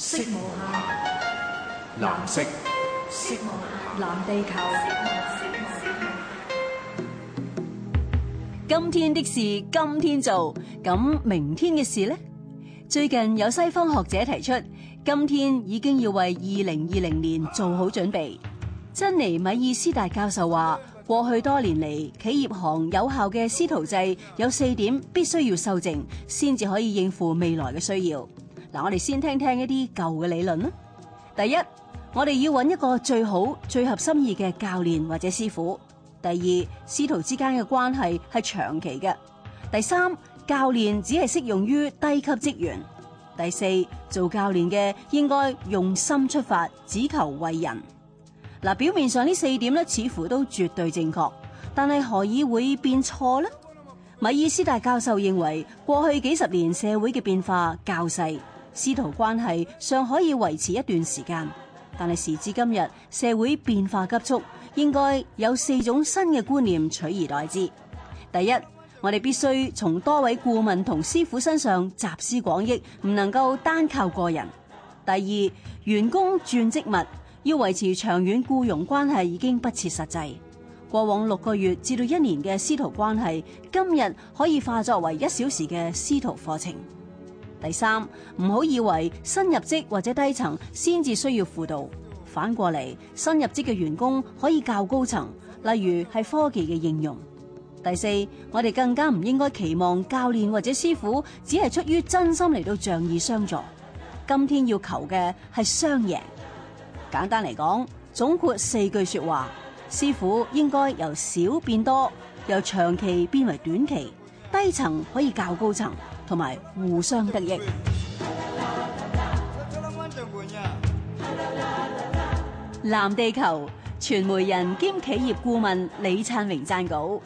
色下藍色。藍色。色下藍地球。今天的事今天做，咁明天嘅事呢？最近有西方學者提出，今天已經要為二零二零年做好準備。珍妮米爾斯大教授話，過去多年嚟，企業行有效嘅師徒制有四點必須要修正，先至可以應付未來嘅需要。嗱，我哋先聽聽一啲舊嘅理論啦。第一，我哋要揾一個最好、最合心意嘅教練或者師傅。第二，師徒之間嘅關係係長期嘅。第三，教練只係適用於低級職員。第四，做教練嘅應該用心出發，只求為人。嗱，表面上呢四點咧，似乎都絕對正確，但係何以會變錯咧？米爾斯大教授認為，過去幾十年社會嘅變化較細。師徒關係尚可以維持一段時間，但係時至今日，社會變化急速，應該有四種新嘅觀念取而代之。第一，我哋必須從多位顧問同師傅身上集思廣益，唔能夠單靠個人。第二，員工轉職物要維持長遠僱傭關係已經不切實際，過往六個月至到一年嘅師徒關係今日可以化作為一小時嘅師徒課程。第三，唔好以為新入職或者低層先至需要輔導，反過嚟，新入職嘅員工可以教高層，例如係科技嘅應用。第四，我哋更加唔應該期望教練或者師傅只係出於真心嚟到仗義相助。今天要求嘅係雙贏。簡單嚟講，總括四句說話：師傅應該由少變多，由長期變為短期，低層可以教高層。同埋互相得益。藍地球傳媒人兼企業顧問李燦榮撰稿。